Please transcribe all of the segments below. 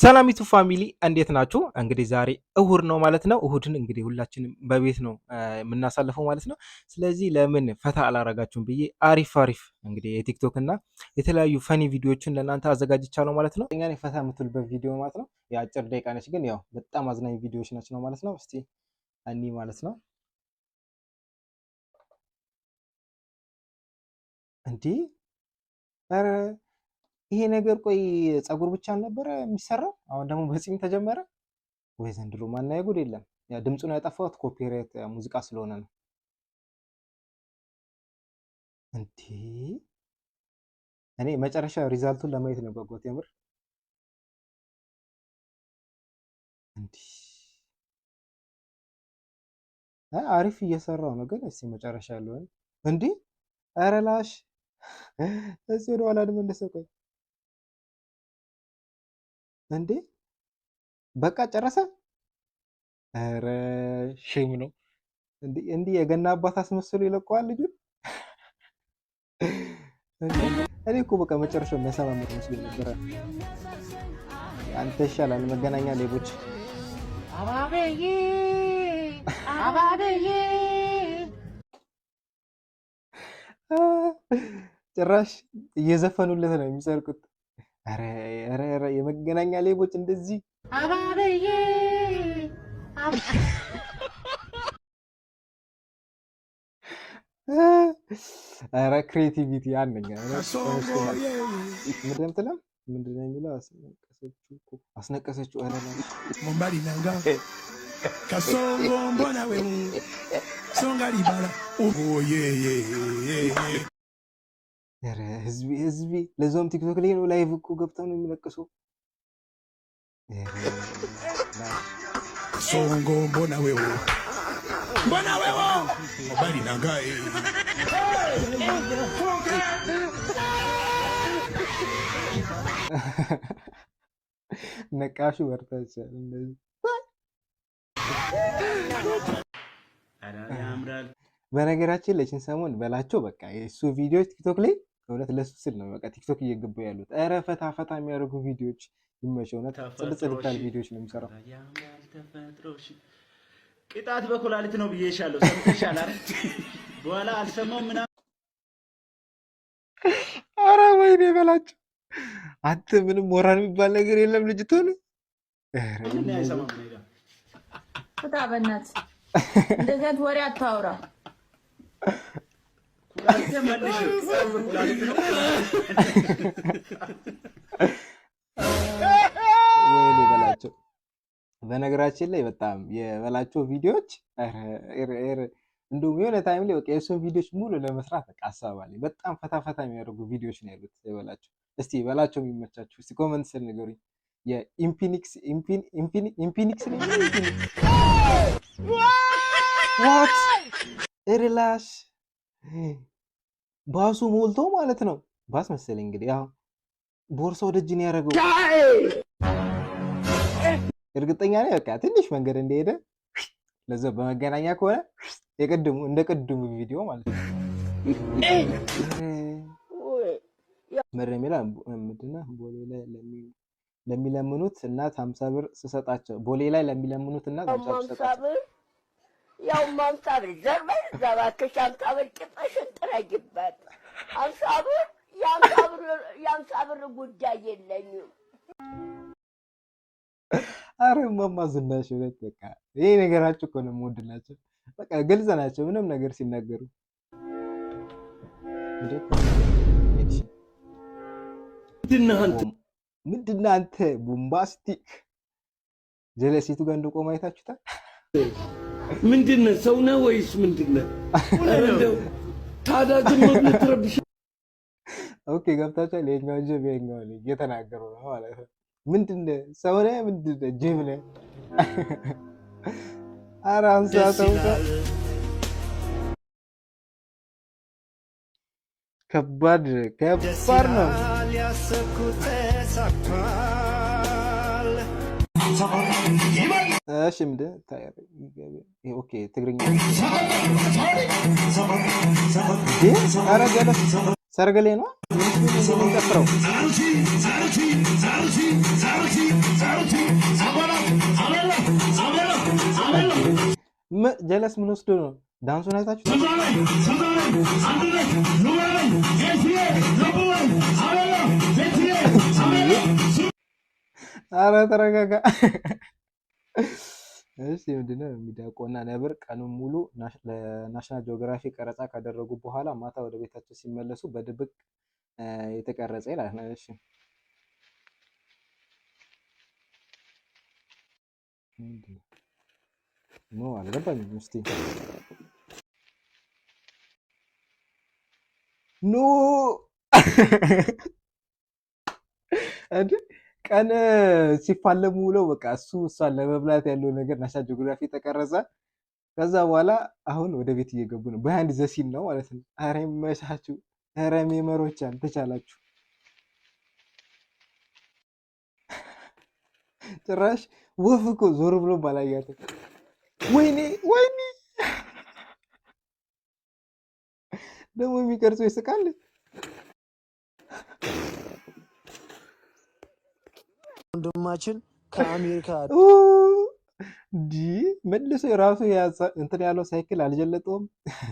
ሰላሚቱ ፋሚሊ እንዴት ናችሁ? እንግዲህ ዛሬ እሁድ ነው ማለት ነው። እሁድን እንግዲህ ሁላችንም በቤት ነው የምናሳልፈው ማለት ነው። ስለዚህ ለምን ፈታ አላረጋችሁም ብዬ አሪፍ አሪፍ እንግዲህ የቲክቶክ እና የተለያዩ ፈኒ ቪዲዮዎችን ለእናንተ አዘጋጅቻለሁ ማለት ነው። እኛ ፈታ የምትልበት ቪዲዮ ማለት ነው። የአጭር ደቂቃ ነች፣ ግን ያው በጣም አዝናኝ ቪዲዮዎች ናቸው ነው ማለት ነው። እስቲ እኒ ማለት ነው እንዲህ ይሄ ነገር ቆይ ፀጉር ብቻ አልነበረ የሚሰራው? አሁን ደግሞ በፂም ተጀመረ ወይ ዘንድሮ ማናየ ጉድ የለም። ድምፁን ያጠፋሁት ኮፒራይት ሙዚቃ ስለሆነ ነው። እንዴ እኔ መጨረሻ ሪዛልቱን ለማየት ነው በጓት የምር እንዲህ አሪፍ እየሰራው ነው፣ ግን እስኪ መጨረሻ ያለውን እንዴ ኧረ ላሽ እስኪ ወደኋላ ልመለሰው ቆይ እንዴ በቃ ጨረሰ። ኧረ ሼም ነው። እንዲህ የገና አባት አስመስሎ ይለቀዋል ልጁ። እኔ እኮ በቃ መጨረሻው የሚያሰማምር መስሎ ነበረ። አንተ ይሻላል መገናኛ ሌቦች። ጭራሽ እየዘፈኑለት ነው የሚሰርቁት። ኧረ የመገናኛ ሌቦች እንደዚህ አባበዬ ኧረ ክሬቲቪቲ አንደኛ ምንድን ነው የሚለው? አስነቀሰችው አስነቀሰችው ኧረ ህዝቢ ህዝቢ ለዛውም ቲክቶክ ላይ ነው። ላይቭ እኮ ገብታ ነው የሚለቅሰው። ሶንጎ ቦናዌዎ ቦናዌዎ ናጋይ ነቃሹ ወርታች እንደዚህ በነገራችን ለችን ሰሞን በላቸው በቃ የእሱ ቪዲዮ ቲክቶክ ላይ እውነት ለሱ ስል ነው በቃ ቲክቶክ እየገባ ያሉት። ኧረ ፈታ ፈታ የሚያደርጉ ቪዲዮዎች ይመቸው። እውነት ጽድ ቪዲዮዎች ነው የሚሰራው። ቅጣት በኩላሊት ነው ብዬሻለሁ። ሰምተሻል አይደል? በኋላ አልሰማው ምናምን። ኧረ ወይኔ በላቸው። አንተ ምንም ሞራል የሚባል ነገር የለም። ልጅቶ ነው ፍታ። በእናትህ እንደዚያ ወሬ አታውራ። ወይኔ በላቸው። በነገራችን ላይ በጣም የበላቸው ቪዲዮዎች እንዲሁም የሆነ ታይም ላይ በቃ የእሱን ቪዲዮዎች ሙሉ ለመስራት በቃ ሀሳብ በጣም ፈታ ፈታ የሚያደርጉ ቪዲዮዎች ነው ያሉት የበላቸው። እስቲ በላቸው የሚመቻችሁ እስቲ ኮመንት ስል ንገሩኝ። የኢምፒኒክስ ኢምፒኒክስ ኢምፒኒክስ ሪላሽ ባሱ ሞልቶ ማለት ነው። ባስ መሰለኝ እንግዲህ ያው ቦርሳው ደጅ ነው ያደረገው። እርግጠኛ ነኝ በቃ ትንሽ መንገድ እንደሄደ ለዛ በመገናኛ ከሆነ የቅድሙ እንደ ቅድሙ ቪዲዮ ማለት ነው። መረሜላ ምድና ቦሌ ላይ ለሚለምኑት እናት ሀምሳ ብር ስሰጣቸው ቦሌ ላይ ለሚለምኑት እናት ሀምሳ ብር ስሰጣቸው ያው አምሳ ብር ዘር በይ እዛ እባክሽ አምሳ ብር ቂጥሽን ጥረጊበት። አምሳ ብር የአምሳ ብር ጉዳይ የለኝም። አረ እማማ ዝናሽ እውነት በቃ ይሄ ነገራቸው እኮ ነው የምወድላቸው። በቃ ግልጽ ናቸው ምንም ነገር ሲናገሩ ምንድን ነው አንተ ቦምባስቲክ ጀለሴቱ ጋር እንደቆማ አይታችሁታል። ምንድነህ? ሰው ነህ ወይስ ምንድነህ? ታዲያ ዝም ብለህ ኦኬ ገብታችኋል። የኛው ጅብ የኛው ልጅ እየተናገሩ ነው ማለት ነው። ምንድነህ? ሰው ነህ? ምንድነህ? ጅብ ነህ? ኧረ አንሳ ሰው ከባድ ከባድ ነው። እሺ ምንድን ትግርኛ ሰርግ ነው የሚጨፍረው። ጀለስ ምን ወስዶ ነው ዳንሱን አይታችሁ አረ ተረጋጋ። እሺ ምንድነው? ሚዳቆና ነብር ቀኑን ሙሉ ለናሽናል ጂኦግራፊ ቀረጻ ካደረጉ በኋላ ማታ ወደ ቤታቸው ሲመለሱ በድብቅ የተቀረጸ ይላል። እሺ ኖ አልገባኝም። እስኪ ኖ ቀን ሲፋለሙ ውለው በቃ እሱ እሷን ለመብላት ያለው ነገር ናሽናል ጂኦግራፊ ተቀረጸ። ከዛ በኋላ አሁን ወደ ቤት እየገቡ ነው። በሃይንድ ዘሲን ነው ማለት ነው። ኧረ ይመሻችሁ። ኧረ ሜመሮች አልተቻላችሁ። ጭራሽ ወፍ እኮ ዞር ብሎ ባላያት። ወይኔ ወይኔ ደግሞ የሚቀርጾ ይስቃል። ወንድማችን ከአሜሪካ እንዲ መልሶ የራሱ እንትን ያለው ሳይክል አልጀለጠውም።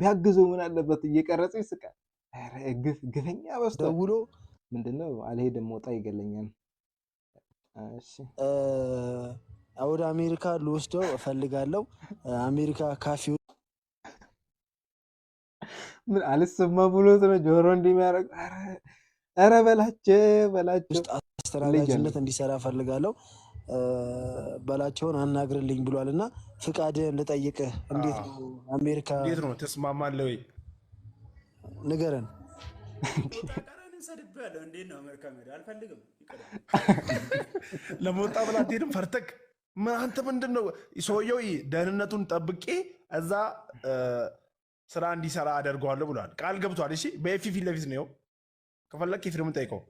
ቢያግዙ ምን አለበት? እየቀረጸ ይስቃል። ግፈኛ በስ ደውሎ ምንድነው አልሄድም፣ ወጣ ይገለኛል። ወደ አሜሪካ ልወስደው እፈልጋለው። አሜሪካ ካፌ ምን አልሰማ ብሎት ነው ጆሮ እንዲህ የሚያደርግ። ኧረ በላቸ በላቸው አስተናጋጅነት እንዲሰራ ፈልጋለሁ በላቸውን አናግርልኝ ብሏል እና ፍቃድህን ልጠይቅህ እንዴት ነው አሜሪካ እንዴት ነው ተስማማለህ ወይ ንገረን ለመወጣ ብላ ትሄድም ፈርተክ ምን አንተ ምንድን ነው ሰውየው ደህንነቱን ጠብቄ እዛ ስራ እንዲሰራ አደርገዋለሁ ብሏል ቃል ገብቷል እሺ በኤፊ ፊት ለፊት ነው ከፈለግ ፊርም ጠይቀው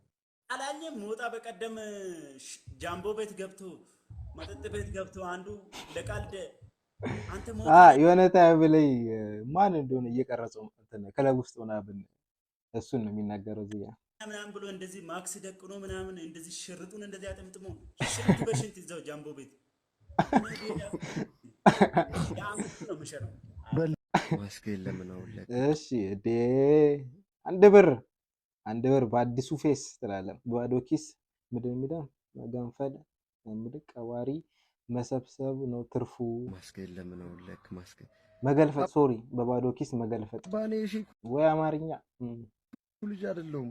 አላየም ሞጣ በቀደም ጃምቦ ቤት ገብቶ መጠጥ ቤት ገብቶ አንዱ ለቃልደ የሆነ ታይም ላይ ማን እንደሆነ እየቀረጸው ክለብ ውስጥ ምናምን እሱን ነው የሚናገረው እዚህ ምናምን ብሎ እንደዚህ ማክስ ደቅኖ ምናምን እንደዚህ ሽርጡን እንደዚህ አጠምጥሞ ሽንት በሽንት ይዘው ጃምቦ ቤት ነው የምሸረው። እሺ እንደ አንድ ብር አንድ ወር በአዲሱ ፌስ ትላለ ባዶ ኪስ ምድር ሜዳ መገንፈል ምድር ቀባሪ መሰብሰብ ነው ትርፉ። ማስገለም ነው ለክ ማስገ መገልፈጥ ሶሪ፣ በባዶ ኪስ መገልፈጥ። ወይ አማርኛ ልጅ አይደለሁም።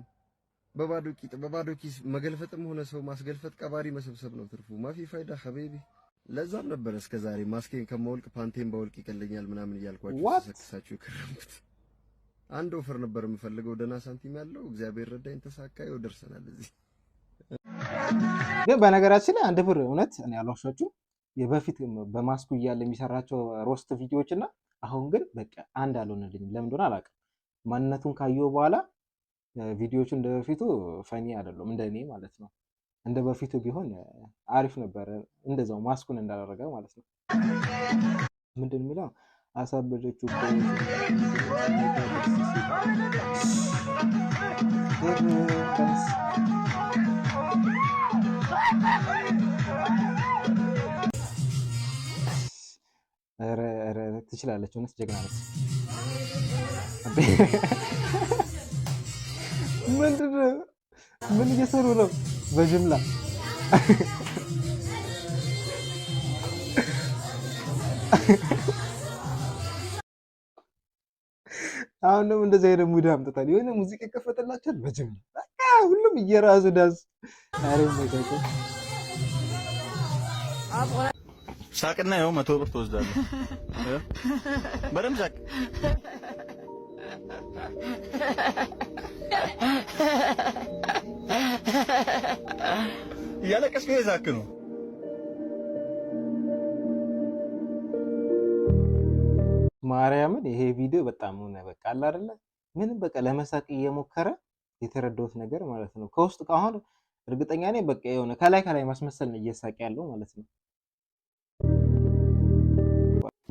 በባዶ ቂጥ በባዶ ኪስ መገልፈጥም ሆነ ሰው ማስገልፈጥ ቀባሪ መሰብሰብ ነው ትርፉ። ማፊ ፋይዳ ሀቢቢ። ለዛም ነበር እስከዛሬ ማስኬን ከማወልቅ ፓንቴን ባወልቅ ይቀለኛል ምናምን እያልኳቸው ተሰክሳችሁ የከረምኩት። አንድ ኦፈር ነበር የምፈልገው ደህና ሳንቲም ያለው እግዚአብሔር ረዳኝ፣ ተሳካ። ይኸው ደርሰናል እዚህ። ግን በነገራችን ላይ አንድ ብር እውነት እኔ ያልዋሻችሁ በፊት በማስኩ እያለ የሚሰራቸው ሮስት ቪዲዮዎች እና አሁን ግን በቃ አንድ አልሆነልኝም። ለምን እንደሆነ አላውቅም። ማንነቱን ካየሁ በኋላ ቪዲዮቹ እንደ በፊቱ ፈኒ አይደለም፣ እንደ እኔ ማለት ነው። እንደ በፊቱ ቢሆን አሪፍ ነበረ። እንደዛው ማስኩን እንዳደረገ ማለት ነው። ምንድን የሚለው አሳበደችው። ትችላለች፣ እውነት ጀግና ነች። ምንድን ምን እየሰሩ ነው? በጅምላ አሁን ደግሞ እንደዚህ አይነት ሙድ አምጥታል። የሆነ ሙዚቃ ይከፈትላቸዋል መቼም ሁሉም እየራሱ ዳንስ ሳቅና ይኸው መቶ ብር ትወስዳለህ። በደምብ ሳቅ። እያለቀስክ ሳክ ነው ማርያምን ይሄ ቪዲዮ በጣም ሆነ በቃ አለ አይደለ ምንም በቃ ለመሳቅ እየሞከረ የተረዳሁት ነገር ማለት ነው። ከውስጥ ከአሁን እርግጠኛ ነኝ በቃ የሆነ ከላይ ከላይ ማስመሰል ነው እየሳቅ ያለው ማለት ነው።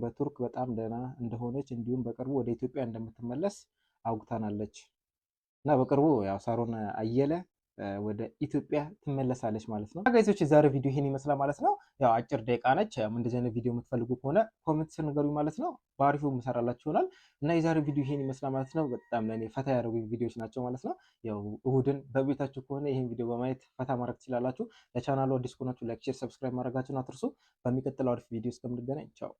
በቱርክ በጣም ደህና እንደሆነች እንዲሁም በቅርቡ ወደ ኢትዮጵያ እንደምትመለስ አውግታናለች እና በቅርቡ ያው ሳሮን አየለ ወደ ኢትዮጵያ ትመለሳለች ማለት ነው። ጋይዞች የዛሬ ቪዲዮ ይሄን ይመስላል ማለት ነው። ያው አጭር ደቂቃ ነች። እንደዚህ አይነት ቪዲዮ የምትፈልጉ ከሆነ ኮሜንት ስር ንገሩኝ ማለት ነው። በአሪፉ የምሰራላችሁ ይሆናል እና የዛሬ ቪዲዮ ይሄን ይመስላል ማለት ነው። በጣም ለእኔ ፈታ ያደረጉ ቪዲዮዎች ናቸው ማለት ነው። ያው እሁድን በቤታችሁ ከሆነ ይህን ቪዲዮ በማየት ፈታ ማድረግ ትችላላችሁ። ለቻናሉ አዲስ ከሆናችሁ ላይክ፣ ሼር፣ ሰብስክራይብ ማድረጋችሁን አትርሱ። በሚቀጥለው አሪፍ ቪዲዮ እስከምንገናኝ ቻው።